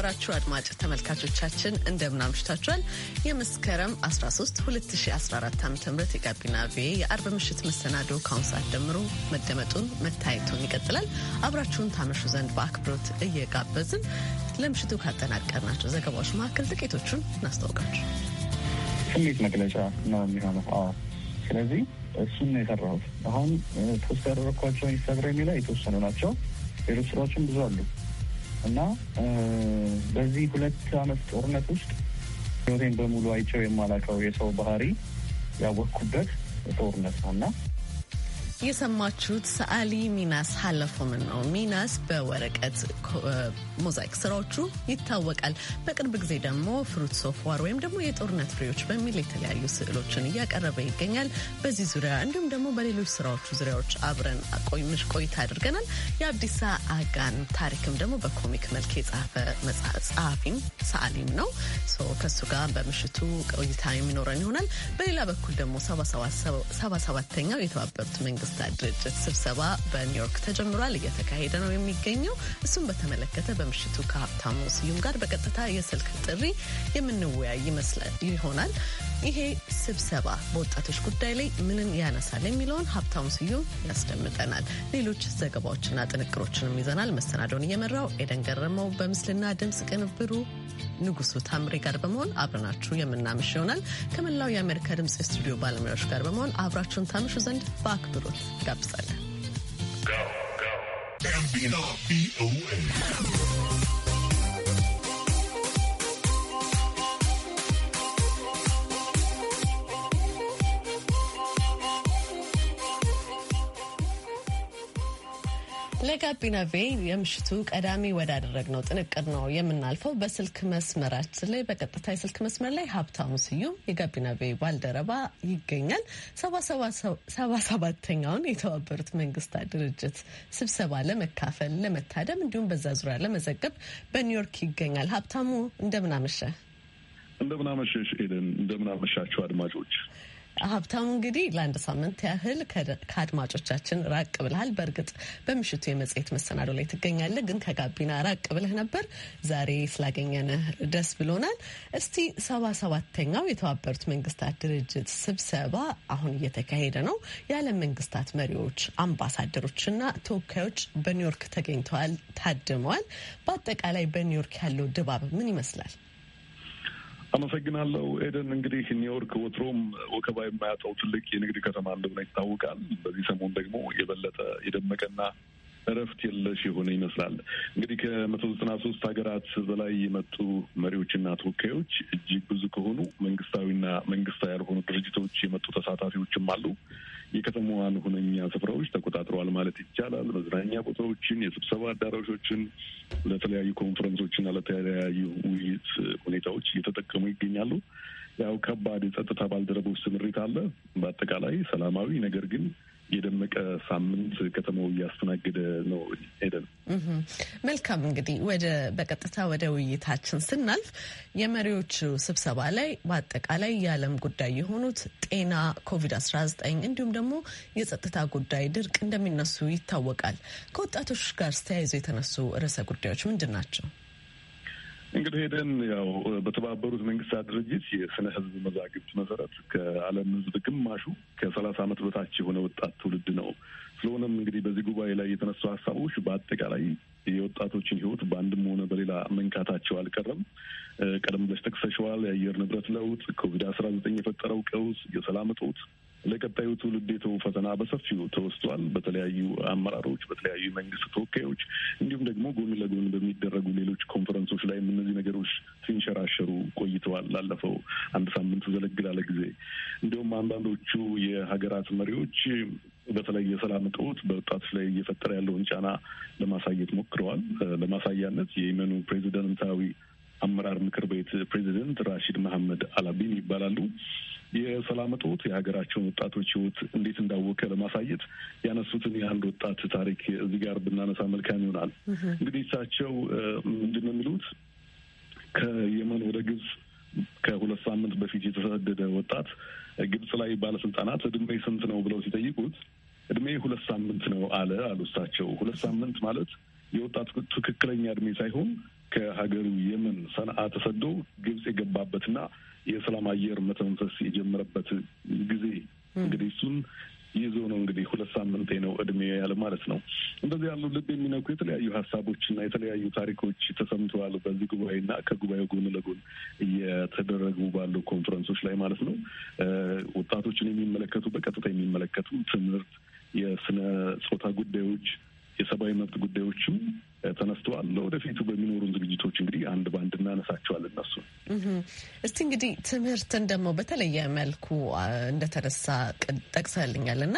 የተከበራችሁ አድማጭ ተመልካቾቻችን እንደምን አምሽታችኋል። የመስከረም 13 2014 ዓ ም የጋቢና ቪኦኤ የአርብ ምሽት መሰናዶ ከአሁን ሰዓት ጀምሮ መደመጡን መታየቱን ይቀጥላል። አብራችሁን ታመሹ ዘንድ በአክብሮት እየጋበዝን ለምሽቱ ካጠናቀርናቸው ዘገባዎች መካከል ጥቂቶቹን እናስታውቃችሁ። ስሜት መግለጫ ነው የሚሆነው። ስለዚህ እሱን ነው የሰራሁት። አሁን ፖስት ያደረግኳቸው ኢንስታግራሜ ላይ የተወሰኑ ናቸው። ሌሎች ስራዎችን ብዙ አሉ። እና በዚህ ሁለት አመት ጦርነት ውስጥ ህይወቴን በሙሉ አይቼው የማላውቀው የሰው ባህሪ ያወቅኩበት ጦርነት ነው እና የሰማችሁት ሰዓሊ ሚናስ ሀለፎምን ነው። ሚናስ በወረቀት ሞዛይክ ስራዎቹ ይታወቃል። በቅርብ ጊዜ ደግሞ ፍሩት ኦፍ ወይም ደግሞ የጦርነት ፍሬዎች በሚል የተለያዩ ስዕሎችን እያቀረበ ይገኛል። በዚህ ዙሪያ እንዲሁም ደግሞ በሌሎች ስራዎቹ ዙሪያዎች አብረን ቆይምሽ ቆይታ አድርገናል። የአብዲሳ አጋን ታሪክም ደግሞ በኮሚክ መልክ የጻፈ ጸሐፊም ሰዓሊም ነው። ከሱ ጋር በምሽቱ ቆይታ የሚኖረን ይሆናል። በሌላ በኩል ደግሞ ሰባ ሰባተኛው የተባበሩት መንግስት መንግስታት ድርጅት ስብሰባ በኒውዮርክ ተጀምሯል፣ እየተካሄደ ነው የሚገኘው። እሱን በተመለከተ በምሽቱ ከሀብታሙ ስዩም ጋር በቀጥታ የስልክ ጥሪ የምንወያይ ይሆናል። ይሄ ስብሰባ በወጣቶች ጉዳይ ላይ ምንን ያነሳል የሚለውን ሀብታሙ ስዩም ያስደምጠናል። ሌሎች ዘገባዎችና ጥንቅሮችንም ይዘናል። መሰናዶውን እየመራው ኤደን ገረመው፣ በምስልና ድምፅ ቅንብሩ ንጉሱ ታምሬ ጋር በመሆን አብረናችሁ የምናምሽ ይሆናል። ከመላው የአሜሪካ ድምፅ የስቱዲዮ ባለሙያዎች ጋር በመሆን አብራችሁን ታምሹ ዘንድ በአክብሮት ጋብዛለን። ለጋቢና ቬ የምሽቱ ቀዳሚ ወዳደረግነው ጥንቅር ነው የምናልፈው። በስልክ መስመራችን ላይ በቀጥታ የስልክ መስመር ላይ ሀብታሙ ስዩም የጋቢና ቬ ባልደረባ ይገኛል። ሰባ ሰባተኛውን የተባበሩት መንግስታት ድርጅት ስብሰባ ለመካፈል ለመታደም፣ እንዲሁም በዛ ዙሪያ ለመዘገብ በኒውዮርክ ይገኛል። ሀብታሙ እንደምናመሸ እንደምናመሸሽ ኤደን እንደምናመሻቸው አድማጮች ሀብታሙ እንግዲህ ለአንድ ሳምንት ያህል ከአድማጮቻችን ራቅ ብልሃል። በእርግጥ በምሽቱ የመጽሔት መሰናዶ ላይ ትገኛለህ፣ ግን ከጋቢና ራቅ ብልህ ነበር። ዛሬ ስላገኘንህ ደስ ብሎናል። እስቲ ሰባ ሰባተኛው የተባበሩት መንግስታት ድርጅት ስብሰባ አሁን እየተካሄደ ነው። የዓለም መንግስታት መሪዎች፣ አምባሳደሮችና ተወካዮች በኒውዮርክ ተገኝተዋል፣ ታድመዋል። በአጠቃላይ በኒውዮርክ ያለው ድባብ ምን ይመስላል? አመሰግናለሁ ኤደን። እንግዲህ ኒውዮርክ ወትሮም ወከባ የማያጠው ትልቅ የንግድ ከተማ እንደሆነ ይታወቃል። በዚህ ሰሞን ደግሞ የበለጠ የደመቀና እረፍት የለሽ የሆነ ይመስላል። እንግዲህ ከመቶ ዘጠና ሶስት ሀገራት በላይ የመጡ መሪዎችና ተወካዮች እጅግ ብዙ ከሆኑ መንግስታዊና መንግስታዊ ያልሆኑ ድርጅቶች የመጡ ተሳታፊዎችም አሉ። የከተማዋን ሁነኛ ስፍራዎች ተቆጣጥረዋል ማለት ይቻላል። መዝናኛ ቦታዎችን፣ የስብሰባ አዳራሾችን ለተለያዩ ኮንፈረንሶችና ለተለያዩ ውይይት ሁኔታዎች እየተጠቀሙ ይገኛሉ። ያው ከባድ የጸጥታ ባልደረቦች ስምሪት አለ። በአጠቃላይ ሰላማዊ ነገር ግን የደመቀ ሳምንት ከተማው እያስተናገደ ነው። ሄደን መልካም እንግዲህ ወደ በቀጥታ ወደ ውይይታችን ስናልፍ የመሪዎቹ ስብሰባ ላይ በአጠቃላይ የዓለም ጉዳይ የሆኑት ጤና፣ ኮቪድ-19 እንዲሁም ደግሞ የጸጥታ ጉዳይ፣ ድርቅ እንደሚነሱ ይታወቃል። ከወጣቶች ጋር ተያይዞ የተነሱ ርዕሰ ጉዳዮች ምንድን ናቸው? እንግዲህ ሄደን ያው በተባበሩት መንግስታት ድርጅት የስነ ህዝብ መዛግብት መሰረት ከዓለም ህዝብ ግማሹ ከሰላሳ ዓመት በታች የሆነ ወጣት ትውልድ ነው። ስለሆነም እንግዲህ በዚህ ጉባኤ ላይ የተነሱ ሀሳቦች በአጠቃላይ የወጣቶችን ህይወት በአንድም ሆነ በሌላ መንካታቸው አልቀረም። ቀደም ብለሽ ጠቅሰሽዋል። የአየር ንብረት ለውጥ፣ ኮቪድ አስራ ዘጠኝ የፈጠረው ቀውስ፣ የሰላም እጦት ለቀጣዩ ትውልድ የተው ፈተና በሰፊው ተወስቷል። በተለያዩ አመራሮች፣ በተለያዩ የመንግስት ተወካዮች እንዲሁም ደግሞ ጎን ለጎን በሚደረጉ ሌሎች ኮንፈረንሶች ላይም እነዚህ ነገሮች ሲንሸራሸሩ ቆይተዋል። ላለፈው አንድ ሳምንት ዘለግ ላለ ጊዜ እንዲሁም አንዳንዶቹ የሀገራት መሪዎች በተለይ የሰላም እጦት በወጣቶች ላይ እየፈጠረ ያለውን ጫና ለማሳየት ሞክረዋል። ለማሳያነት የየመኑ ፕሬዚደንታዊ አመራር ምክር ቤት ፕሬዚደንት ራሺድ መሐመድ አላቢን ይባላሉ። የሰላም እጦት የሀገራቸውን ወጣቶች ህይወት እንዴት እንዳወቀ ለማሳየት ያነሱትን የአንድ ወጣት ታሪክ እዚህ ጋር ብናነሳ መልካም ይሆናል። እንግዲህ እሳቸው ምንድን ነው የሚሉት ከየመን ወደ ግብጽ ከሁለት ሳምንት በፊት የተሰደደ ወጣት ግብጽ ላይ ባለስልጣናት እድሜ ስንት ነው ብለው ሲጠይቁት እድሜ ሁለት ሳምንት ነው አለ አሉ እሳቸው። ሁለት ሳምንት ማለት የወጣት ትክክለኛ እድሜ ሳይሆን ከሀገሩ የመን ሰንአ ተሰዶ ግብጽ የገባበትና የሰላም አየር መተንፈስ የጀመረበት ጊዜ እንግዲህ እሱን ይዞ ነው እንግዲህ ሁለት ሳምንቴ ነው እድሜ ያለ ማለት ነው። እንደዚህ ያሉ ልብ የሚነኩ የተለያዩ ሀሳቦችና የተለያዩ ታሪኮች ተሰምተዋል በዚህ ጉባኤና ከጉባኤው ጎን ለጎን እየተደረጉ ባሉ ኮንፈረንሶች ላይ ማለት ነው። ወጣቶችን የሚመለከቱ በቀጥታ የሚመለከቱ ትምህርት፣ የስነ ጾታ ጉዳዮች፣ የሰብአዊ መብት ጉዳዮችም ተነስተዋል። ለወደፊቱ በሚኖሩን ዝግጅቶች እንግዲህ አንድ በአንድ እናነሳቸዋል እነሱ እስቲ እንግዲህ ትምህርትን ደግሞ በተለየ መልኩ እንደተነሳ ጠቅሰልኛል እና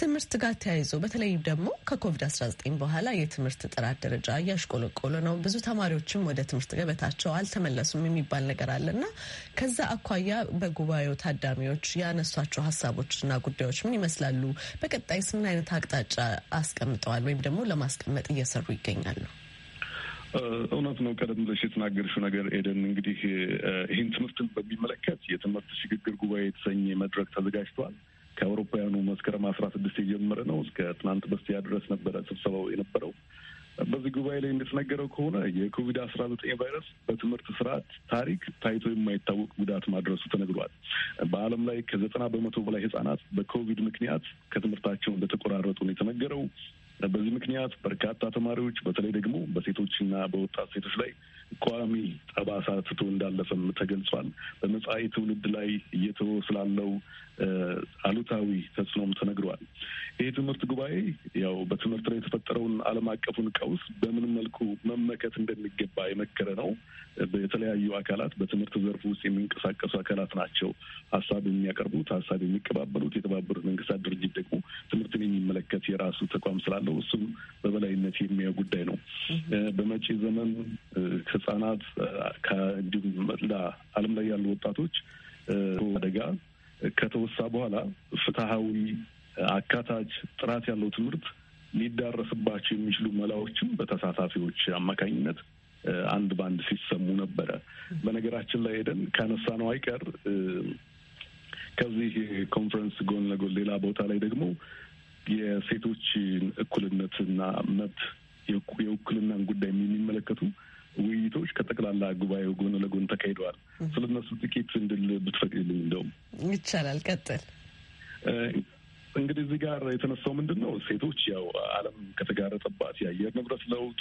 ትምህርት ጋር ተያይዞ በተለይ ደግሞ ከኮቪድ 19 በኋላ የትምህርት ጥራት ደረጃ እያሽቆለቆሎ ነው። ብዙ ተማሪዎችም ወደ ትምህርት ገበታቸው አልተመለሱም የሚባል ነገር አለ እና ከዛ አኳያ በጉባኤው ታዳሚዎች ያነሷቸው ሀሳቦችና ጉዳዮች ምን ይመስላሉ? በቀጣይስ ምን አይነት አቅጣጫ አስቀምጠዋል ወይም ደግሞ ለማስቀመጥ እየሰሩ ይገኛሉ? እውነት ነው። ቀደም ብለሽ የተናገርሽው ነገር ኤደን፣ እንግዲህ ይህን ትምህርትን በሚመለከት የትምህርት ሽግግር ጉባኤ የተሰኘ መድረክ ተዘጋጅቷል። ከአውሮፓውያኑ መስከረም አስራ ስድስት የጀመረ ነው። እስከ ትናንት በስቲያ ድረስ ነበረ ስብሰባው የነበረው። በዚህ ጉባኤ ላይ እንደተነገረው ከሆነ የኮቪድ አስራ ዘጠኝ ቫይረስ በትምህርት ስርዓት ታሪክ ታይቶ የማይታወቅ ጉዳት ማድረሱ ተነግሯል። በዓለም ላይ ከዘጠና በመቶ በላይ ህጻናት በኮቪድ ምክንያት ከትምህርታቸው እንደተቆራረጡ ነው የተነገረው። በዚህ ምክንያት በርካታ ተማሪዎች በተለይ ደግሞ በሴቶችና በወጣት ሴቶች ላይ ቋሚ ጠባሳ ትቶ እንዳለፈም ተገልጿል። በመጻኢ ትውልድ ላይ እየተወ ስላለው አሉታዊ ተጽዕኖም ተነግረዋል። ይህ ትምህርት ጉባኤ ያው በትምህርት ላይ የተፈጠረውን ዓለም አቀፉን ቀውስ በምን መልኩ መመከት እንደሚገባ የመከረ ነው። የተለያዩ አካላት በትምህርት ዘርፍ ውስጥ የሚንቀሳቀሱ አካላት ናቸው ሀሳብ የሚያቀርቡት ሀሳብ የሚቀባበሉት። የተባበሩት መንግስታት ድርጅት ደግሞ ትምህርትን የሚመለከት የራሱ ተቋም ስላለው እሱም በበላይነት የሚያው ጉዳይ ነው። በመጪ ዘመን ህጻናት እንዲሁም ዓለም ላይ ያሉ ወጣቶች ከተወሳ በኋላ ፍትሐዊ፣ አካታች፣ ጥራት ያለው ትምህርት ሊዳረስባቸው የሚችሉ መላዎችም በተሳታፊዎች አማካኝነት አንድ በአንድ ሲሰሙ ነበረ። በነገራችን ላይ ሄደን ነው አይቀር ከዚህ ኮንፈረንስ ጎን ለጎን ሌላ ቦታ ላይ ደግሞ የሴቶችን እኩልነትና መብት የውክልናን ጉዳይ የሚመለከቱ ውይይቶች ከጠቅላላ ጉባኤው ጎን ለጎን ተካሂደዋል። ስለነሱ ጥቂት እንድል ብትፈቅድልኝ። እንደውም ይቻላል። ቀጥል። እንግዲህ እዚህ ጋር የተነሳው ምንድን ነው? ሴቶች ያው ዓለም ከተጋረጠባት የአየር ንብረት ለውጥ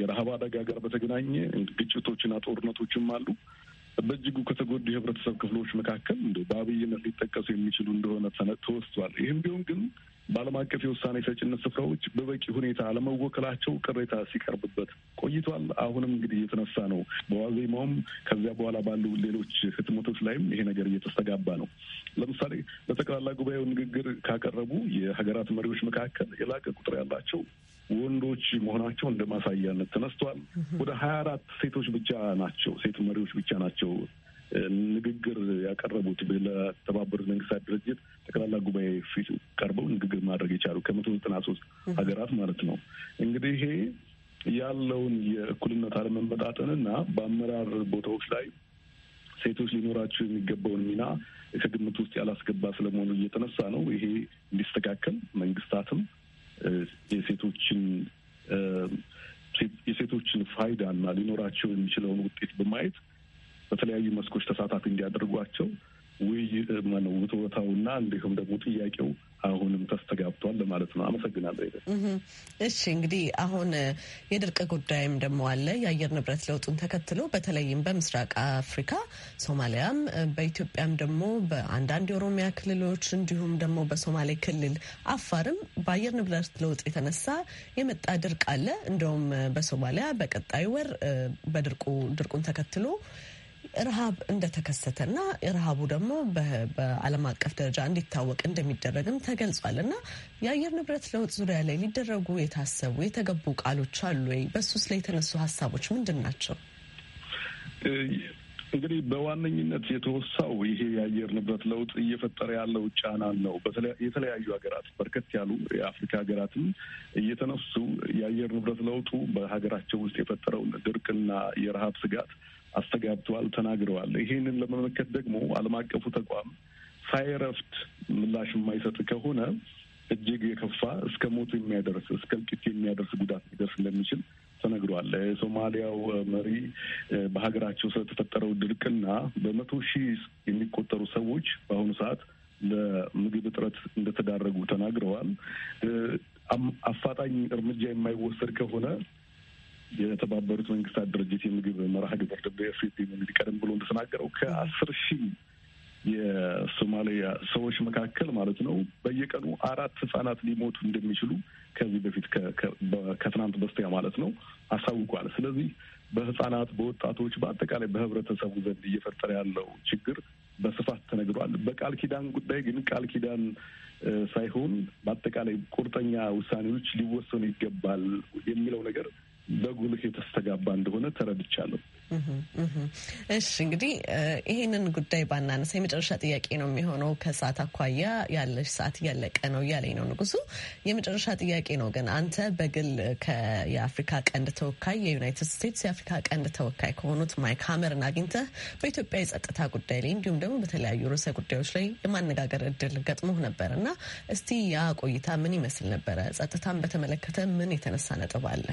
የረሃብ አደጋ ጋር በተገናኘ ግጭቶችና ጦርነቶችም አሉ። በእጅጉ ከተጎዱ የህብረተሰብ ክፍሎች መካከል እንደ በአብይነት ሊጠቀሱ የሚችሉ እንደሆነ ተወስቷል። ይህም ቢሆን ግን በዓለም አቀፍ የውሳኔ ሰጭነት ስፍራዎች በበቂ ሁኔታ አለመወከላቸው ቅሬታ ሲቀርብበት ቆይቷል። አሁንም እንግዲህ እየተነሳ ነው። በዋዜማውም ከዚያ በኋላ ባሉ ሌሎች ህትመቶች ላይም ይሄ ነገር እየተስተጋባ ነው። ለምሳሌ ለጠቅላላ ጉባኤው ንግግር ካቀረቡ የሀገራት መሪዎች መካከል የላቀ ቁጥር ያላቸው ወንዶች መሆናቸው እንደ ማሳያነት ተነስቷል። ወደ ሀያ አራት ሴቶች ብቻ ናቸው ሴት መሪዎች ብቻ ናቸው ንግግር ያቀረቡት ለተባበሩት መንግስታት ድርጅት ጠቅላላ ጉባኤ ፊት ቀርበው ንግግር ማድረግ የቻሉ ከመቶ ዘጠና ሶስት ሀገራት ማለት ነው። እንግዲህ ይሄ ያለውን የእኩልነት አለመመጣጠንና በአመራር ቦታዎች ላይ ሴቶች ሊኖራቸው የሚገባውን ሚና ከግምት ውስጥ ያላስገባ ስለመሆኑ እየተነሳ ነው። ይሄ እንዲስተካከል መንግስታትም የሴቶችን የሴቶችን ፋይዳና ሊኖራቸው የሚችለውን ውጤት በማየት በተለያዩ መስኮች ተሳታፊ እንዲያደርጓቸው ውይይት ነው እንዲሁም ደግሞ ጥያቄው አሁንም ተስተጋብቷል ለማለት ነው። አመሰግናለሁ። እሺ እንግዲህ አሁን የድርቅ ጉዳይም ደግሞ አለ። የአየር ንብረት ለውጡን ተከትሎ በተለይም በምስራቅ አፍሪካ ሶማሊያም፣ በኢትዮጵያም ደግሞ በአንዳንድ የኦሮሚያ ክልሎች እንዲሁም ደግሞ በሶማሌ ክልል አፋርም በአየር ንብረት ለውጥ የተነሳ የመጣ ድርቅ አለ። እንደውም በሶማሊያ በቀጣይ ወር በድርቁ ድርቁን ተከትሎ ረሃብ እና ረሃቡ ደግሞ በዓለም አቀፍ ደረጃ እንዲታወቅ እንደሚደረግም ተገልጿል እና የአየር ንብረት ለውጥ ዙሪያ ላይ ሊደረጉ የታሰቡ የተገቡ ቃሎች አሉ ወይ? በሱስ ላይ የተነሱ ሀሳቦች ምንድን ናቸው? እንግዲህ በዋነኝነት የተወሳው ይሄ የአየር ንብረት ለውጥ እየፈጠረ ያለው ጫናን ነው። የተለያዩ ሀገራት በርከት ያሉ የአፍሪካ ሀገራትም እየተነሱ የአየር ንብረት ለውጡ በሀገራቸው ውስጥ የፈጠረውን ድርቅና የረሀብ ስጋት አስተጋብተዋል፣ ተናግረዋል። ይሄንን ለመመከት ደግሞ ዓለም አቀፉ ተቋም ሳይረፍት ምላሽ የማይሰጥ ከሆነ እጅግ የከፋ እስከ ሞቱ የሚያደርስ እስከ እልቂት የሚያደርስ ጉዳት ሊደርስ እንደሚችል ተነግሯል። የሶማሊያው መሪ በሀገራቸው ስለተፈጠረው ድርቅና በመቶ ሺህ የሚቆጠሩ ሰዎች በአሁኑ ሰዓት ለምግብ እጥረት እንደተዳረጉ ተናግረዋል። አፋጣኝ እርምጃ የማይወሰድ ከሆነ የተባበሩት መንግስታት ድርጅት የምግብ መርሃ ግብር ደብኤፍ ቀደም ብሎ እንደተናገረው ከአስር ሺህ የሶማሊያ ሰዎች መካከል ማለት ነው በየቀኑ አራት ህጻናት ሊሞቱ እንደሚችሉ ከዚህ በፊት ከትናንት በስቲያ ማለት ነው አሳውቋል። ስለዚህ በህጻናት፣ በወጣቶች፣ በአጠቃላይ በህብረተሰቡ ዘንድ እየፈጠረ ያለው ችግር በስፋት ተነግሯል። በቃል ኪዳን ጉዳይ ግን ቃል ኪዳን ሳይሆን በአጠቃላይ ቁርጠኛ ውሳኔዎች ሊወሰኑ ይገባል የሚለው ነገር በጉልህ የተስተጋባ እንደሆነ ተረድቻለሁ። እሺ እንግዲህ ይህንን ጉዳይ ባናነሳ የመጨረሻ ጥያቄ ነው የሚሆነው። ከሰዓት አኳያ ያለሽ ሰዓት እያለቀ ነው እያለኝ ነው ንጉሱ። የመጨረሻ ጥያቄ ነው ግን አንተ በግል የአፍሪካ ቀንድ ተወካይ የዩናይትድ ስቴትስ የአፍሪካ ቀንድ ተወካይ ከሆኑት ማይክ ሀመርን አግኝተህ በኢትዮጵያ የጸጥታ ጉዳይ ላይ እንዲሁም ደግሞ በተለያዩ ርዕሰ ጉዳዮች ላይ የማነጋገር እድል ገጥሞህ ነበር እና እስቲ ያ ቆይታ ምን ይመስል ነበረ? ጸጥታን በተመለከተ ምን የተነሳ ነጥብ አለ?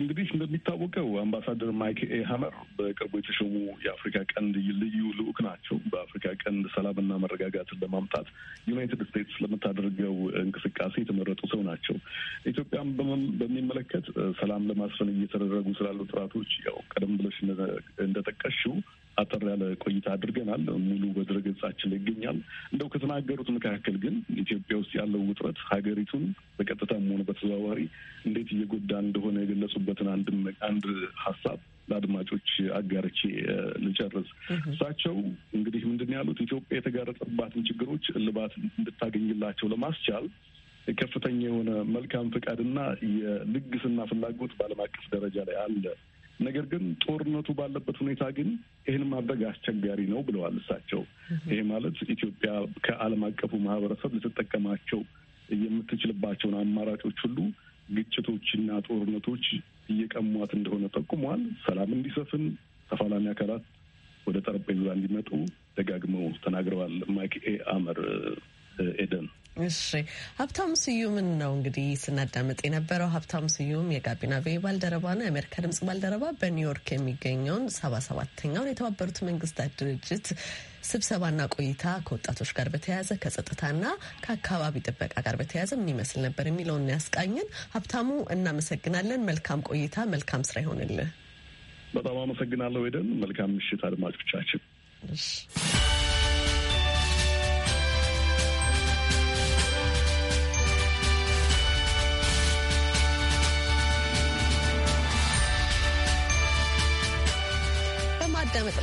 እንግዲህ እንደሚታወቀው አምባሳደር ማይክ ኤ ሀመር በቅርቡ የተሾሙ የአፍሪካ ቀንድ ልዩ ልዑክ ናቸው። በአፍሪካ ቀንድ ሰላምና መረጋጋትን ለማምጣት ዩናይትድ ስቴትስ ለምታደርገው እንቅስቃሴ የተመረጡ ሰው ናቸው። ኢትዮጵያን በሚመለከት ሰላም ለማስፈን እየተደረጉ ስላሉ ጥራቶች ያው ቀደም ብለሽ እንደጠቀሽው አጠር ያለ ቆይታ አድርገናል። ሙሉ በድረገጻችን ላይ ይገኛል። እንደው ከተናገሩት መካከል ግን ኢትዮጵያ ውስጥ ያለው ውጥረት ሀገሪቱን በቀጥታም ሆነ በተዘዋዋሪ እንዴት እየጎዳ እንደሆነ የገለጹበትን አንድ ሀሳብ ለአድማጮች አጋርቼ ልጨርስ። እሳቸው እንግዲህ ምንድን ያሉት ኢትዮጵያ የተጋረጠባትን ችግሮች እልባት እንድታገኝላቸው ለማስቻል ከፍተኛ የሆነ መልካም ፈቃድና የልግስና ፍላጎት በዓለም አቀፍ ደረጃ ላይ አለ ነገር ግን ጦርነቱ ባለበት ሁኔታ ግን ይህን ማድረግ አስቸጋሪ ነው ብለዋል እሳቸው። ይሄ ማለት ኢትዮጵያ ከዓለም አቀፉ ማህበረሰብ ልትጠቀማቸው የምትችልባቸውን አማራጮች ሁሉ ግጭቶችና ጦርነቶች እየቀሟት እንደሆነ ጠቁመዋል። ሰላም እንዲሰፍን ተፋላሚ አካላት ወደ ጠረጴዛ እንዲመጡ ደጋግመው ተናግረዋል። ማይክ ኤ አመር ኤደን እሺ ሀብታሙ ስዩምን ነው እንግዲህ ስናዳምጥ የነበረው። ሀብታሙ ስዩም የጋቢና ባልደረባ ነው። የአሜሪካ ድምጽ ባልደረባ በኒውዮርክ የሚገኘውን ሰባ ሰባተኛውን የተባበሩት መንግስታት ድርጅት ስብሰባና ቆይታ ከወጣቶች ጋር በተያያዘ ከጸጥታና ከአካባቢ ጥበቃ ጋር በተያያዘ ምን ይመስል ነበር የሚለውን ያስቃኝን። ሀብታሙ እናመሰግናለን። መልካም ቆይታ፣ መልካም ስራ ይሆንልህ። በጣም አመሰግናለሁ ኤደን። መልካም ምሽት አድማጮቻችን።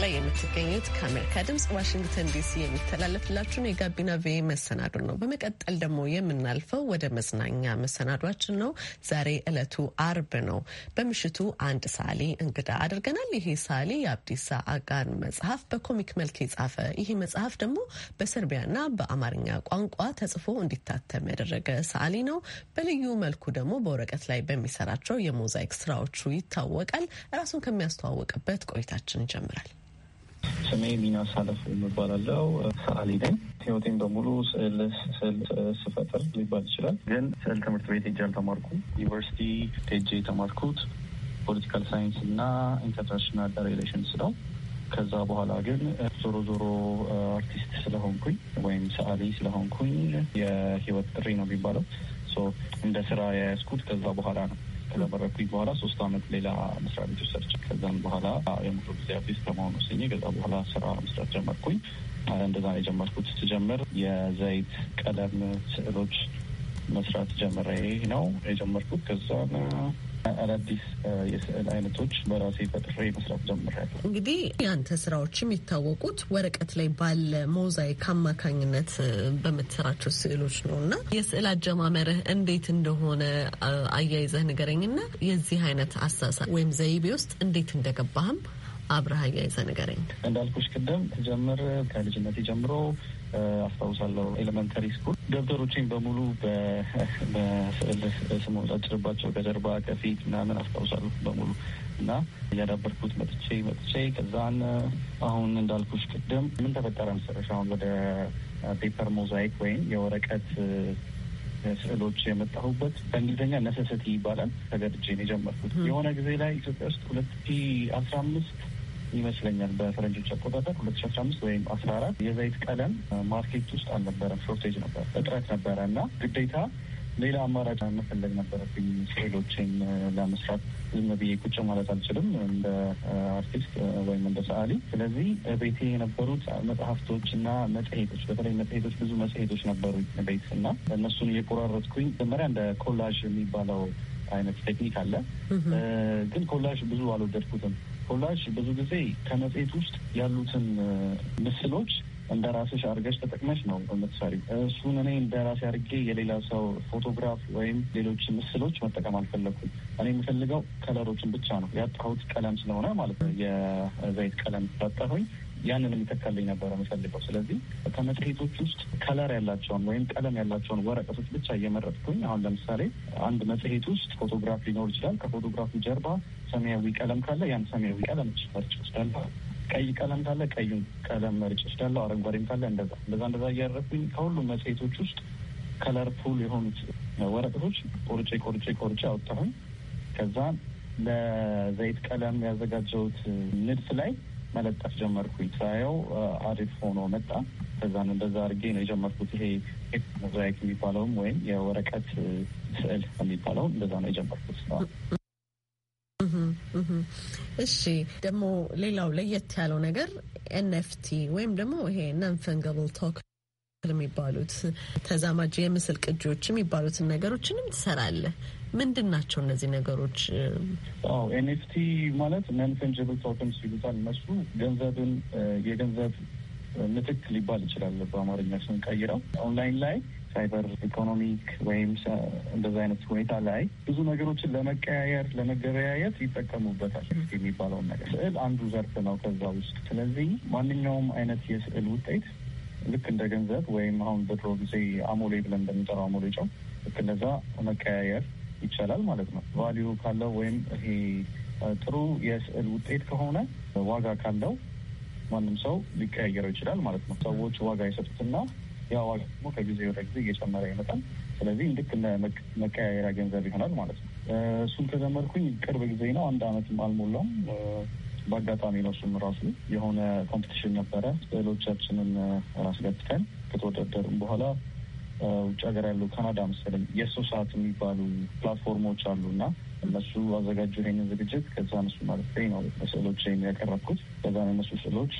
ላይ የምትገኙት ከአሜሪካ ድምጽ ዋሽንግተን ዲሲ የሚተላለፍላችሁን የጋቢና ቪ መሰናዶ ነው። በመቀጠል ደግሞ የምናልፈው ወደ መዝናኛ መሰናዷችን ነው። ዛሬ እለቱ አርብ ነው። በምሽቱ አንድ ሳሊ እንግዳ አድርገናል። ይሄ ሳሊ የአብዲሳ አጋን መጽሐፍ በኮሚክ መልክ የጻፈ ይሄ መጽሐፍ ደግሞ በሰርቢያና በአማርኛ ቋንቋ ተጽፎ እንዲታተም ያደረገ ሳሊ ነው። በልዩ መልኩ ደግሞ በወረቀት ላይ በሚሰራቸው የሞዛይክ ስራዎቹ ይታወቃል። ራሱን ከሚያስተዋወቅበት ቆይታችን ይጀምራል። ስሜ ሚናስ ሳለፍ የምባላለው ሰአሊ ነኝ። ህይወቴን በሙሉ ስዕል ስዕል ስፈጥር ሊባል ይችላል። ግን ስዕል ትምህርት ቤት ሄጄ አልተማርኩም። ዩኒቨርሲቲ ሄጄ የተማርኩት ፖለቲካል ሳይንስ እና ኢንተርናሽናል ሪሌሽንስ ነው። ከዛ በኋላ ግን ዞሮ ዞሮ አርቲስት ስለሆንኩኝ ወይም ሰአሊ ስለሆንኩኝ የህይወት ጥሪ ነው የሚባለው እንደ ስራ የያዝኩት ከዛ በኋላ ነው። ከነበረኩኝ በኋላ ሶስት አመት ሌላ መስሪያ ቤቶች ሰርች ከዛም በኋላ የሙሉ ጊዜ አዲስ ተማሆኑ ስኝ ከዛ በኋላ ስራ መስራት ጀመርኩኝ። እንደዛ ነው የጀመርኩት። ስጀምር የዘይት ቀለም ስዕሎች መስራት ጀመረ ነው የጀመርኩት። ከዛ አዳዲስ የስዕል አይነቶች በራሴ ፈጥሬ መስራት ጀምሬያለሁ። እንግዲህ ያንተ ስራዎች የሚታወቁት ወረቀት ላይ ባለ ሞዛይክ አማካኝነት በምትሰራቸው ስዕሎች ነው እና የስዕል አጀማመርህ እንዴት እንደሆነ አያይዘህ ንገረኝና የዚህ አይነት አሳሳ ወይም ዘይቤ ውስጥ እንዴት እንደገባህም አብረሃ ያይዘ ንገረኝ። እንዳልኩሽ ቅድም ስጀምር ከልጅነቴ ጀምሮ አስታውሳለሁ ኤሌመንተሪ ስኩል ደብተሮችን በሙሉ በስዕል ስም ጨርባቸው ከጀርባ ከፊት ምናምን አስታውሳለሁ በሙሉ እና እያዳበርኩት መጥቼ መጥቼ ከዛን አሁን እንዳልኩሽ ቅድም ምን ተፈጠረ መሰለሽ አሁን ወደ ፔፐር ሞዛይክ ወይም የወረቀት ስዕሎች የመጣሁበት በእንግሊዝኛ ነሰሰቲ ይባላል። ተገድጄ ነው የጀመርኩት። የሆነ ጊዜ ላይ ኢትዮጵያ ውስጥ ሁለት ሺህ አስራ አምስት ይመስለኛል በፈረንጆች አቆጣጠር ሁለት ሺ አስራ አምስት ወይም አስራ አራት የዘይት ቀለም ማርኬት ውስጥ አልነበረም። ሾርቴጅ ነበር፣ እጥረት ነበረ እና ግዴታ ሌላ አማራጭ መፈለግ ነበረብኝ። ስዕሎችን ለመስራት ዝም ብዬ ቁጭ ማለት አልችልም እንደ አርቲስት ወይም እንደ ሰዓሊ። ስለዚህ ቤቴ የነበሩት መጽሐፍቶች እና መጽሄቶች፣ በተለይ መጽሄቶች ብዙ መጽሄቶች ነበሩ ቤት እና እነሱን እየቆራረጥኩኝ መጀመሪያ እንደ ኮላዥ የሚባለው አይነት ቴክኒክ አለ። ግን ኮላጅ ብዙ አልወደድኩትም። ኮላጅ ብዙ ጊዜ ከመጽሔት ውስጥ ያሉትን ምስሎች እንደ ራስሽ አድርገሽ ተጠቅመሽ ነው የምትሰሪው። እሱን እኔ እንደ ራሴ አድርጌ የሌላ ሰው ፎቶግራፍ ወይም ሌሎች ምስሎች መጠቀም አልፈለግኩም። እኔ የምፈልገው ከለሮችን ብቻ ነው ያጣሁት ቀለም ስለሆነ ማለት ነው የዘይት ቀለም ያጣሁኝ ያንን የሚተካልኝ ነበረ የምፈልገው። ስለዚህ ከመጽሔቶች ውስጥ ከለር ያላቸውን ወይም ቀለም ያላቸውን ወረቀቶች ብቻ እየመረጥኩኝ አሁን ለምሳሌ አንድ መጽሔት ውስጥ ፎቶግራፍ ሊኖር ይችላል። ከፎቶግራፉ ጀርባ ሰማያዊ ቀለም ካለ ያን ሰማያዊ ቀለም መርጭ እወስዳለሁ። ቀይ ቀለም ካለ ቀዩን ቀለም መርጭ እወስዳለሁ። አረንጓዴም ካለ እንደዛ እንደዛ እንደዛ እያደረኩኝ ከሁሉም መጽሔቶች ውስጥ ፑል የሆኑት ወረቀቶች ቆርጬ ቆርጬ ቆርጬ አወጣሁኝ። ከዛ ለዘይት ቀለም ያዘጋጀሁት ንድፍ ላይ መለጠፍ ጀመርኩኝ። ሳየው አሪፍ ሆኖ መጣ። ከዛን እንደዛ አድርጌ ነው የጀመርኩት። ይሄ ሞዛይክ የሚባለውም ወይም የወረቀት ስዕል የሚባለውም እንደዛ ነው የጀመርኩት። እሺ ደግሞ ሌላው ለየት ያለው ነገር ኤንኤፍቲ ወይም ደግሞ ይሄ ነን ፈንገብል ቶክ የሚባሉት ተዛማጅ የምስል ቅጂዎች የሚባሉትን ነገሮችንም ትሰራለህ። ምንድን ናቸው እነዚህ ነገሮች? ኤንኤፍቲ ማለት ነን ፈንጅብል ቶከንስ ይሉታል እነሱ። ገንዘብን የገንዘብ ምትክ ሊባል ይችላል በአማርኛ ስንቀይረው። ኦንላይን ላይ ሳይበር ኢኮኖሚክ ወይም እንደዚ አይነት ሁኔታ ላይ ብዙ ነገሮችን ለመቀያየር ለመገበያየት ይጠቀሙበታል። የሚባለውን ነገር ስዕል አንዱ ዘርፍ ነው ከዛ ውስጥ። ስለዚህ ማንኛውም አይነት የስዕል ውጤት ልክ እንደ ገንዘብ ወይም አሁን በድሮ ጊዜ አሞሌ ብለን እንደምንጠራው አሞሌ ጨው ልክ እንደዛ መቀያየር ይቻላል ማለት ነው። ቫሊዩ ካለው ወይም ይሄ ጥሩ የስዕል ውጤት ከሆነ ዋጋ ካለው ማንም ሰው ሊቀያየረው ይችላል ማለት ነው። ሰዎች ዋጋ የሰጡትና ያ ዋጋ ደግሞ ከጊዜ ወደ ጊዜ እየጨመረ ይመጣል። ስለዚህ ልክ መቀያየሪያ ገንዘብ ይሆናል ማለት ነው። እሱን ከጀመርኩኝ ቅርብ ጊዜ ነው፣ አንድ አመት አልሞላም። በአጋጣሚ ነው እሱም ራሱ የሆነ ኮምፒቲሽን ነበረ። ስዕሎቻችንን አስገብተን ከተወዳደርም በኋላ ውጭ ሀገር ያለው ካናዳ መሰለኝ የሰው ሰዓት የሚባሉ ፕላትፎርሞች አሉ እና እነሱ አዘጋጁ ይሄንን ዝግጅት። ከዛ እነሱ ማለት ነው ስዕሎች ያቀረብኩት። ከዛ እነሱ ስዕሎች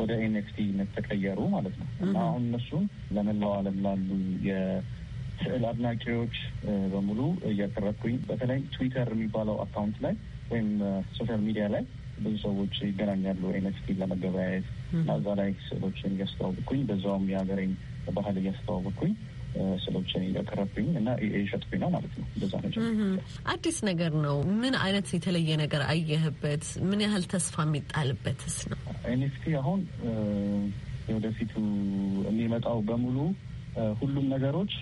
ወደ ኤንኤፍቲ ተቀየሩ ማለት ነው እና አሁን እነሱን ለመላው ዓለም ላሉ የስዕል አድናቂዎች በሙሉ እያቀረብኩኝ በተለይ ትዊተር የሚባለው አካውንት ላይ ወይም ሶሻል ሚዲያ ላይ ብዙ ሰዎች ይገናኛሉ ኤንኤፍቲ ለመገበያየት እና እዛ ላይ ስዕሎችን እያስተዋወቅኩኝ በዛውም የሀገሬን ባህል እያስተዋወቅኩኝ ስሎችን እያቀረብኩኝ እና እየሸጥኩኝ ነው ማለት ነው። እንደዛ ነው። አዲስ ነገር ነው። ምን አይነት የተለየ ነገር አየህበት? ምን ያህል ተስፋ የሚጣልበትስ ነው? ኤንኤፍቲ አሁን የወደፊቱ የሚመጣው በሙሉ ሁሉም ነገሮች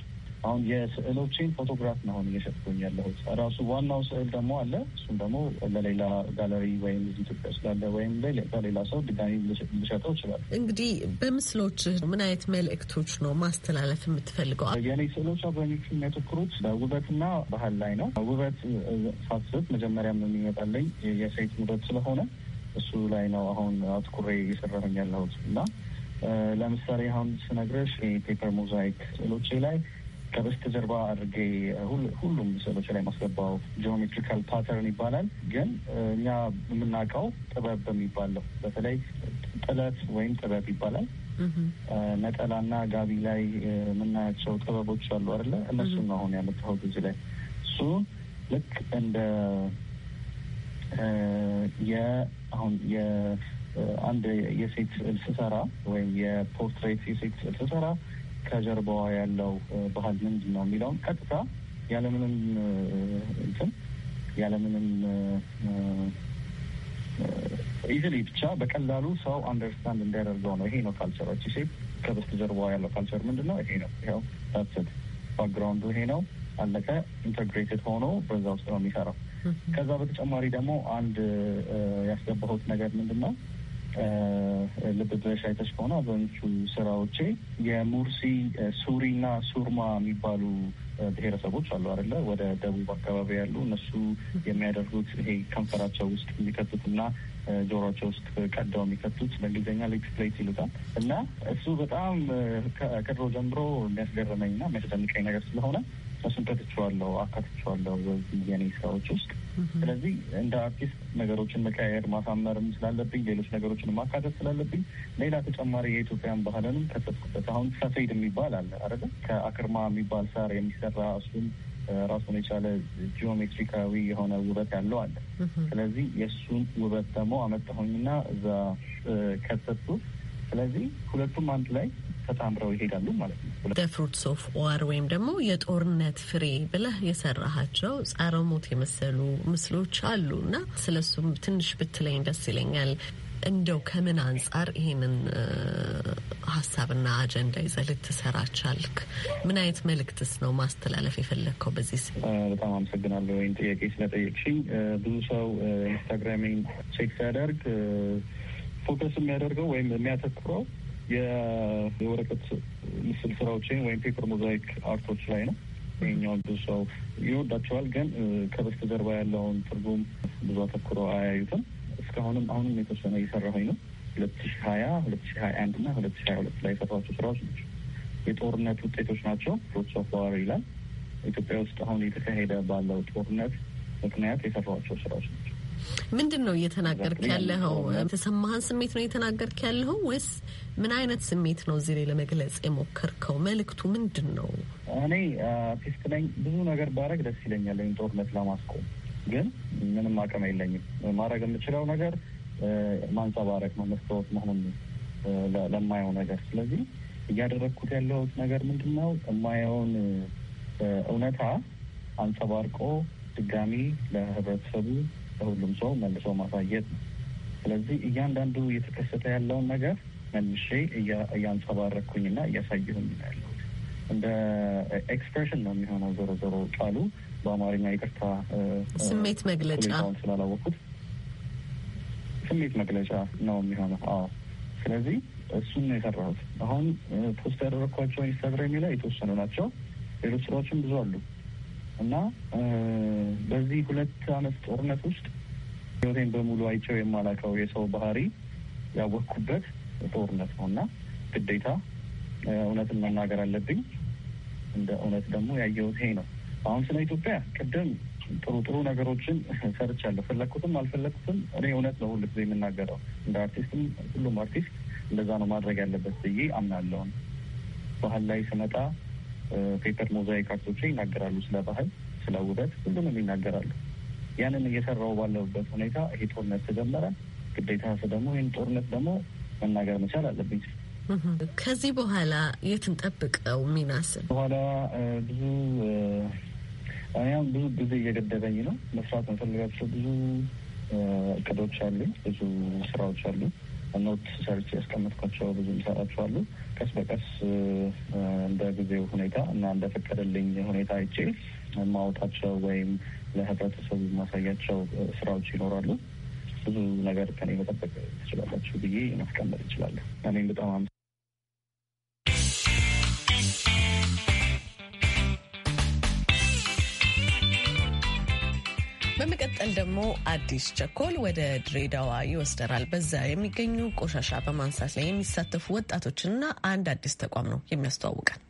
አሁን የስዕሎችን ፎቶግራፍ ነው አሁን እየሰጥኩኝ ያለሁት። ራሱ ዋናው ስዕል ደግሞ አለ። እሱም ደግሞ ለሌላ ጋለሪ ወይም እዚህ ኢትዮጵያ ስላለ ወይም ለሌላ ሰው ድጋሚ ልሸጠው ይችላል። እንግዲህ በምስሎች ምን አይነት መልእክቶች ነው ማስተላለፍ የምትፈልገው? የኔ ስዕሎች አብዛኞቹ የሚያተኩሩት በውበትና ባህል ላይ ነው። ውበት ሳስብ መጀመሪያም የሚመጣለኝ የሴት ውበት ስለሆነ እሱ ላይ ነው አሁን አትኩሬ እየሰራሁኝ ያለሁት እና ለምሳሌ አሁን ስነግረሽ ፔፐር ሞዛይክ ስዕሎቼ ላይ ከበስተጀርባ አድርጌ ሁሉም ስዕሎች ላይ ማስገባው ጂኦሜትሪካል ፓተርን ይባላል። ግን እኛ የምናውቀው ጥበብ በሚባለው በተለይ ጥለት ወይም ጥበብ ይባላል ነጠላና ጋቢ ላይ የምናያቸው ጥበቦች አሉ አይደለ? እነሱ ነው አሁን ያመጣሁት እዚህ ላይ። እሱ ልክ እንደ የአሁን የአንድ የሴት ስዕል ስሰራ ወይም የፖርትሬት የሴት ስዕል ስሰራ ከጀርባዋ ያለው ባህል ምንድን ነው የሚለውን ቀጥታ ያለምንም እንትን ያለምንም ኢዝሊ ብቻ በቀላሉ ሰው አንደርስታንድ እንዲያደርገው ነው። ይሄ ነው ካልቸሮች ሴ ከበስተ ጀርባዋ ያለው ካልቸር ምንድን ነው? ይሄ ነው ይኸው ታስት ባክግራውንዱ ይሄ ነው አለቀ። ኢንተግሬትድ ሆኖ በዛ ውስጥ ነው የሚሰራው። ከዛ በተጨማሪ ደግሞ አንድ ያስገባሁት ነገር ምንድን ነው ልብ ብለሽ አይተሽ ከሆነ አብዛኞቹ ስራዎቼ የሙርሲ ሱሪና ሱርማ የሚባሉ ብሔረሰቦች አሉ አይደለ? ወደ ደቡብ አካባቢ ያሉ እነሱ የሚያደርጉት ይሄ ከንፈራቸው ውስጥ የሚከቱት እና ጆሮቸው ውስጥ ቀዳው የሚከቱት በእንግሊዝኛ ሊፕስ ፕሌት ይሉታል። እና እሱ በጣም ከድሮ ጀምሮ የሚያስገርመኝ እና የሚያስደንቀኝ ነገር ስለሆነ እሱን ከትቼዋለሁ፣ አካትቼዋለሁ በዚህ የኔ ስራዎች ውስጥ ስለዚህ እንደ አርቲስት ነገሮችን መቀያየር ማሳመርም ስላለብኝ ሌሎች ነገሮችን ማካተት ስላለብኝ ሌላ ተጨማሪ የኢትዮጵያን ባህልንም ከተትኩበት። አሁን ሰፌድ የሚባል አለ አረገ ከአክርማ የሚባል ሳር የሚሰራ እሱም ራሱን የቻለ ጂኦሜትሪካዊ የሆነ ውበት ያለው አለ። ስለዚህ የእሱን ውበት ደግሞ አመጣሁኝና እዛ ከተትኩት። ስለዚህ ሁለቱም አንድ ላይ ተጣምረው ይሄዳሉ ማለት ነው። ፍሩትስ ኦፍ ዋር ወይም ደግሞ የጦርነት ፍሬ ብለህ የሰራሃቸው ጸረ ሞት የመሰሉ ምስሎች አሉ እና ስለሱም ትንሽ ብትለኝ ደስ ይለኛል። እንደው ከምን አንጻር ይሄንን ሀሳብና አጀንዳ ይዘህ ልትሰራ ቻልክ? ምን አይነት መልእክትስ ነው ማስተላለፍ የፈለግከው በዚህ? በጣም አመሰግናለሁ ወይም ጥያቄ ስለጠየቅሽኝ። ብዙ ሰው ኢንስታግራሚን ቼክ ሲያደርግ ፎከስ የሚያደርገው ወይም የሚያተኩረው የወረቀት ምስል ስራዎችን ወይም ፔፐር ሞዛይክ አርቶች ላይ ነው። ይኛውን ብዙ ሰው ይወዳቸዋል፣ ግን ከበስተጀርባ ያለውን ትርጉም ብዙ አተኩሮ አያዩትም። እስካሁንም አሁንም የተወሰነ እየሰራሁኝ ነው። ሁለት ሺ ሀያ ሁለት ሺ ሀያ አንድ እና ሁለት ሺ ሀያ ሁለት ላይ የሰራቸው ስራዎች ናቸው። የጦርነት ውጤቶች ናቸው። ፍሩትስ ኦፍ ዋር ይላል። ኢትዮጵያ ውስጥ አሁን እየተካሄደ ባለው ጦርነት ምክንያት የሰራቸው ስራዎች ናቸው። ምንድን ነው እየተናገርክ ያለኸው? የተሰማህን ስሜት ነው እየተናገርክ ያለኸው ወይስ ምን አይነት ስሜት ነው እዚህ ላይ ለመግለጽ የሞከርከው? መልእክቱ ምንድን ነው? እኔ ፊስክ ነኝ። ብዙ ነገር ባረግ ደስ ይለኛል፣ ጦርነት ለማስቆም ግን ምንም አቅም የለኝም። ማድረግ የምችለው ነገር ማንጸባረቅ ነው፣ መስታወት መሆን ለማየው ነገር። ስለዚህ እያደረግኩት ያለሁት ነገር ምንድን ነው? የማየውን እውነታ አንጸባርቆ ድጋሚ ለህብረተሰቡ ለሁሉም ሰው መልሶ ማሳየት ነው። ስለዚህ እያንዳንዱ እየተከሰተ ያለውን ነገር መልሼ እያንጸባረኩኝና እያሳየሁኝ ያለው እንደ ኤክስፕሬሽን ነው የሚሆነው። ዞሮ ዞሮ ቃሉ በአማርኛ ይቅርታ፣ ስሜት መግለጫ ስላላወቅኩት ስሜት መግለጫ ነው የሚሆነው። አዎ። ስለዚህ እሱን ነው የሰራሁት። አሁን ፖስት ያደረግኳቸው ኢንስታግራም ላይ የተወሰኑ ናቸው። ሌሎች ስራዎችም ብዙ አሉ። እና በዚህ ሁለት አመት ጦርነት ውስጥ ህይወቴን በሙሉ አይቼው የማላውቀው የሰው ባህሪ ያወቅኩበት ጦርነት ነው እና ግዴታ እውነትን መናገር አለብኝ። እንደ እውነት ደግሞ ያየሁት ይሄ ነው። አሁን ስለ ኢትዮጵያ ቅድም ጥሩ ጥሩ ነገሮችን ሰርቻለሁ። ፈለግኩትም አልፈለግኩትም እኔ እውነት ነው ሁል ጊዜ የምናገረው። እንደ አርቲስትም ሁሉም አርቲስት እንደዛ ነው ማድረግ ያለበት ብዬ አምናለውን። ባህል ላይ ስመጣ ፔፐር ሞዛይክ አርቶች ይናገራሉ፣ ስለ ባህል፣ ስለ ውበት ሁሉንም ይናገራሉ። ያንን እየሰራው ባለሁበት ሁኔታ ይሄ ጦርነት ተጀመረ። ግዴታ ደግሞ ይህን ጦርነት ደግሞ መናገር መቻል አለብኝ። ከዚህ በኋላ የትንጠብቀው ሚናስ በኋላ ብዙ ያም ብዙ ጊዜ እየገደበኝ ነው። መስራት መፈልጋቸው ብዙ እቅዶች አሉ፣ ብዙ ስራዎች አሉ። ኖት ሰርች ያስቀመጥኳቸው ብዙ ሰራቸው አሉ። ቀስ በቀስ እንደ ጊዜው ሁኔታ እና እንደ ፈቀደልኝ ሁኔታ አይቼ የማወጣቸው ወይም ለህብረተሰቡ ማሳያቸው ስራዎች ይኖራሉ። ብዙ ነገር ከኔ መጠበቅ ትችላላችሁ ብዬ ማስቀመጥ ይችላለሁ። እኔም በጣም በመቀጠል ደግሞ አዲስ ቸኮል ወደ ድሬዳዋ ይወስደናል። በዛ የሚገኙ ቆሻሻ በማንሳት ላይ የሚሳተፉ ወጣቶችንና አንድ አዲስ ተቋም ነው የሚያስተዋውቀን።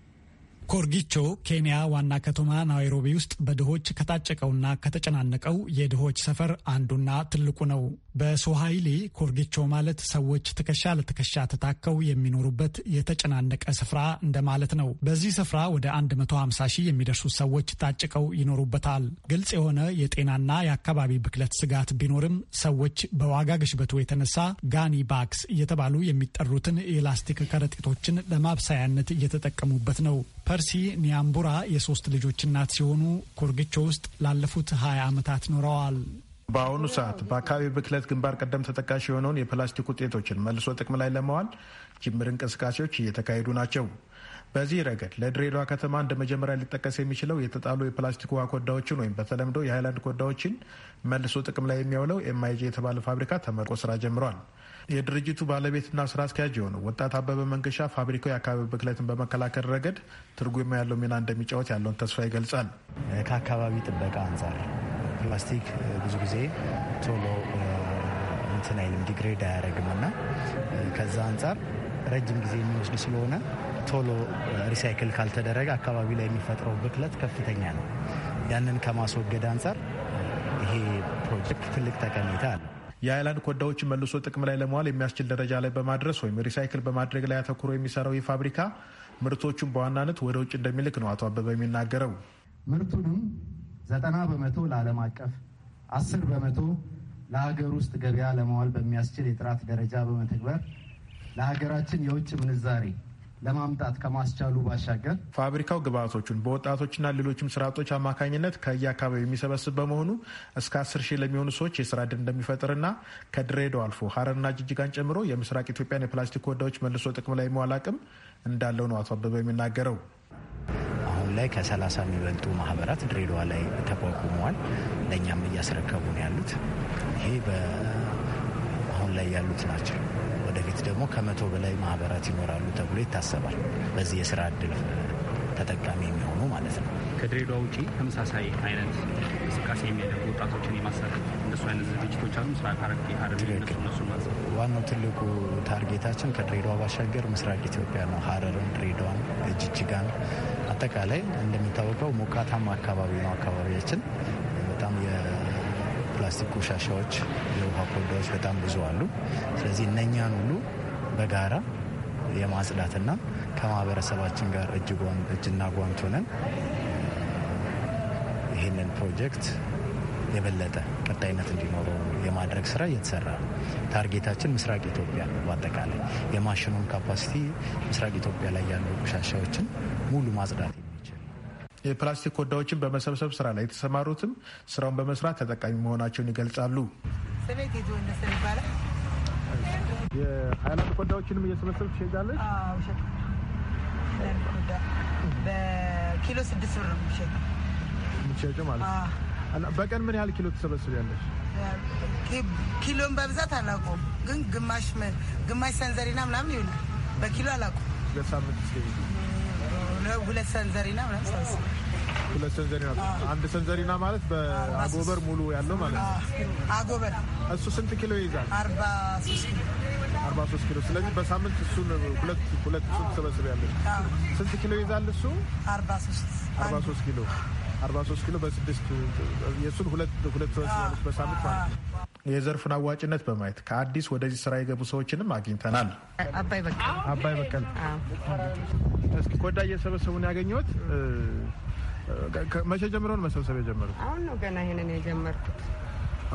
ኮርጊቾ ኬንያ ዋና ከተማ ናይሮቢ ውስጥ በድሆች ከታጨቀውና ከተጨናነቀው የድሆች ሰፈር አንዱና ትልቁ ነው። በሶሃይሊ ኮርጊቾ ማለት ሰዎች ትከሻ ለትከሻ ተታከው የሚኖሩበት የተጨናነቀ ስፍራ እንደማለት ነው። በዚህ ስፍራ ወደ 150 ሺህ የሚደርሱ ሰዎች ታጭቀው ይኖሩበታል። ግልጽ የሆነ የጤናና የአካባቢ ብክለት ስጋት ቢኖርም ሰዎች በዋጋ ግሽበቱ የተነሳ ጋኒ ባክስ እየተባሉ የሚጠሩትን የላስቲክ ከረጢቶችን ለማብሰያነት እየተጠቀሙበት ነው። መርሲ ኒያምቡራ የሶስት ልጆች እናት ሲሆኑ ኮርግቾ ውስጥ ላለፉት ሀያ ዓመታት ኖረዋል። በአሁኑ ሰዓት በአካባቢ ብክለት ግንባር ቀደም ተጠቃሽ የሆነውን የፕላስቲክ ውጤቶችን መልሶ ጥቅም ላይ ለማዋል ጅምር እንቅስቃሴዎች እየተካሄዱ ናቸው። በዚህ ረገድ ለድሬዳዋ ከተማ እንደ መጀመሪያ ሊጠቀስ የሚችለው የተጣሉ የፕላስቲክ ውሃ ኮዳዎችን ወይም በተለምዶ የሃይላንድ ኮዳዎችን መልሶ ጥቅም ላይ የሚያውለው ኤምአይጂ የተባለ ፋብሪካ ተመርቆ ስራ ጀምሯል። የድርጅቱ ባለቤትና ስራ አስኪያጅ የሆነው ወጣት አበበ መንገሻ ፋብሪካው የአካባቢ ብክለትን በመከላከል ረገድ ትርጉም ያለው ሚና እንደሚጫወት ያለውን ተስፋ ይገልጻል። ከአካባቢ ጥበቃ አንጻር ፕላስቲክ ብዙ ጊዜ ቶሎ እንትን አይልም፣ ዲግሬድ አያደርግም እና ከዛ አንጻር ረጅም ጊዜ የሚወስድ ስለሆነ ቶሎ ሪሳይክል ካልተደረገ አካባቢ ላይ የሚፈጥረው ብክለት ከፍተኛ ነው። ያንን ከማስወገድ አንጻር ይሄ ፕሮጀክት ትልቅ ጠቀሜታ አለ። የአይላንድ ኮዳዎችን መልሶ ጥቅም ላይ ለመዋል የሚያስችል ደረጃ ላይ በማድረስ ወይም ሪሳይክል በማድረግ ላይ አተኩሮ የሚሰራው ይህ ፋብሪካ ምርቶቹን በዋናነት ወደ ውጭ እንደሚልክ ነው አቶ አበበ የሚናገረው። ምርቱንም ዘጠና በመቶ ለዓለም አቀፍ አስር በመቶ ለሀገር ውስጥ ገበያ ለመዋል በሚያስችል የጥራት ደረጃ በመተግበር ለሀገራችን የውጭ ምንዛሬ ለማምጣት ከማስቻሉ ባሻገር ፋብሪካው ግብአቶቹን በወጣቶችና ሌሎችም ስርዓቶች አማካኝነት ከየአካባቢው የሚሰበስብ በመሆኑ እስከ አስር ሺህ ለሚሆኑ ሰዎች የስራ ዕድል እንደሚፈጥርና ከድሬዳዋ አልፎ ሀረርና ጅጅጋን ጨምሮ የምስራቅ ኢትዮጵያን የፕላስቲክ ወዳዎች መልሶ ጥቅም ላይ መዋል አቅም እንዳለው ነው አቶ አበበ የሚናገረው። አሁን ላይ ከሰላሳ የሚበልጡ ማህበራት ድሬዳዋ ላይ ተቋቁመዋል። ለእኛም እያስረከቡ ነው ያሉት። ይሄ አሁን ላይ ያሉት ናቸው። ወደፊት ደግሞ ከመቶ በላይ ማህበራት ይኖራሉ ተብሎ ይታሰባል። በዚህ የስራ እድል ተጠቃሚ የሚሆኑ ማለት ነው። ከድሬዳዋ ውጪ ተመሳሳይ አይነት እንቅስቃሴ የሚያደርጉ ወጣቶችን የማሳደግ እንደሱ አይነት ዝግጅቶች አሉ። ምስራቅ ሐረርጌ ዋናው ትልቁ ታርጌታችን ከድሬዳዋ ባሻገር ምስራቅ ኢትዮጵያ ነው። ሐረርን፣ ድሬዳዋን፣ ጅጅጋን አጠቃላይ እንደሚታወቀው ሞቃታማ አካባቢ ነው አካባቢያችን በጣም የፕላስቲክ ቆሻሻዎች፣ የውሃ ኮዳዎች በጣም ብዙ አሉ። ስለዚህ እነኛን ሁሉ በጋራ የማጽዳትና ከማህበረሰባችን ጋር እጅና ጓንት ሆነን ይህንን ፕሮጀክት የበለጠ ቀጣይነት እንዲኖረው የማድረግ ስራ እየተሰራ ነው። ታርጌታችን ምስራቅ ኢትዮጵያ ነው። በአጠቃላይ የማሽኑን ካፓሲቲ ምስራቅ ኢትዮጵያ ላይ ያሉ ቆሻሻዎችን ሙሉ ማጽዳት የፕላስቲክ ኮዳዎችን በመሰብሰብ ስራ ላይ የተሰማሩትም ስራውን በመስራት ተጠቃሚ መሆናቸውን ይገልጻሉ። ይባላል። የሀይላንድ ኮዳዎችንም እየሰበሰብ ትሸጋለች። በኪሎ ስድስት ብር ነው ማለት ነው። በቀን ምን ያህል ኪሎ ትሰበስቢያለሽ? ኪሎን በብዛት አላውቀውም፣ ግን ግማሽ ሰንዘሪና ምናምን ይሆናል። በኪሎ አላውቀውም። ሁለት ሰንዘሪና ምናምን ሰብስብ ሁለት ሰንዘሪና አንድ ሰንዘሪና ማለት በአጎበር ሙሉ ያለው ማለት ነው። አጎበር እሱ ስንት ኪሎ ይይዛል? አርባ ሶስት ኪሎ ስለዚህ በሳምንት እሱን ሁለት ሁለት እሱን ትሰበስብ ያለች ስንት ኪሎ ይይዛል እሱ? አርባ ሶስት ኪሎ 43 ኪሎ በስድስት የእሱን ሁለት ሁለት ሰዎች በሳምንት ማለት ነው። የዘርፉን አዋጭነት በማየት ከአዲስ ወደዚህ ስራ የገቡ ሰዎችንም አግኝተናል። አባይ በቀል አባይ በቀል እስኪ ኮዳ እየሰበሰቡን ያገኘሁት መቼ ጀምረውን መሰብሰብ የጀመሩት? አሁን ነው ገና ይሄንን የጀመርኩት።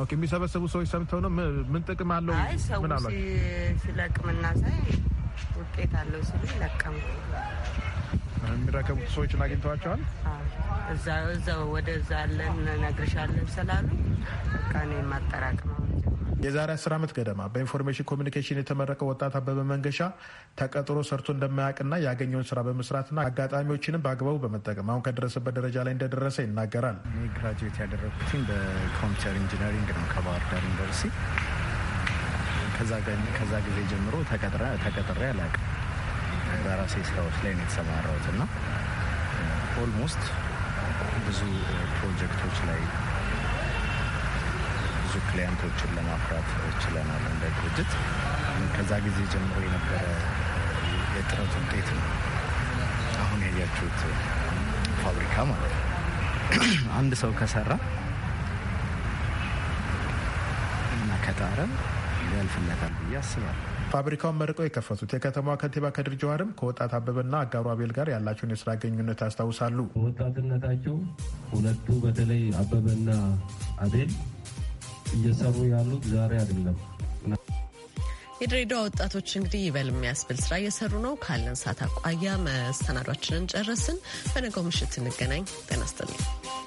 ኦኬ የሚሰበሰቡ ሰዎች ሰምተው ነው ምን ጥቅም አለው? ምን አሏቸው? ሲለቅምና ሳይ ውጤት አለው ሲሉ ይለቀም የሚረከቡት ሰዎችን አግኝተዋቸዋል። እዛው ወደዛ አለን እነግርሻለን ስላሉ በቃ እኔ ማጠራቅመው የዛሬ አስር ዓመት ገደማ በኢንፎርሜሽን ኮሚኒኬሽን የተመረቀው ወጣት አበበ መንገሻ ተቀጥሮ ሰርቶ እንደማያውቅና ያገኘውን ስራ በመስራትና አጋጣሚዎችንም በአግባቡ በመጠቀም አሁን ከደረሰበት ደረጃ ላይ እንደደረሰ ይናገራል። እኔ ግራጁዌት ያደረግኩትኝ በኮምፒውተር ኢንጂነሪንግ ነው ከባህር ዳር ዩኒቨርሲቲ። ከዛ ጊዜ ጀምሮ ተቀጥሬ አላውቅም። በራሴ ስራዎች ላይ ነው የተሰማራሁት እና ኦልሞስት ብዙ ፕሮጀክቶች ላይ ብዙ ክሊያንቶችን ለማፍራት ችለናል እንደ ድርጅት። ከዛ ጊዜ ጀምሮ የነበረ የጥረት ውጤት ነው አሁን ያያችሁት ፋብሪካ ማለት ነው። አንድ ሰው ከሰራ እና ከጣረ ያልፍለታል ብዬ አስባለሁ። ፋብሪካውን መርቀው የከፈቱት የከተማዋ ከንቲባ ከድር ጀዋርም ከወጣት አበበና አጋሩ አቤል ጋር ያላቸውን የስራ ግንኙነት ያስታውሳሉ። ወጣትነታቸው ሁለቱ በተለይ አበበና አቤል እየሰሩ ያሉት ዛሬ አይደለም። የድሬዳዋ ወጣቶች እንግዲህ ይበል የሚያስብል ስራ እየሰሩ ነው። ካለን ሰዓት አቋያ መሰናዷችንን ጨረስን። በነገው ምሽት እንገናኝ። ጤና ይስጥልኝ።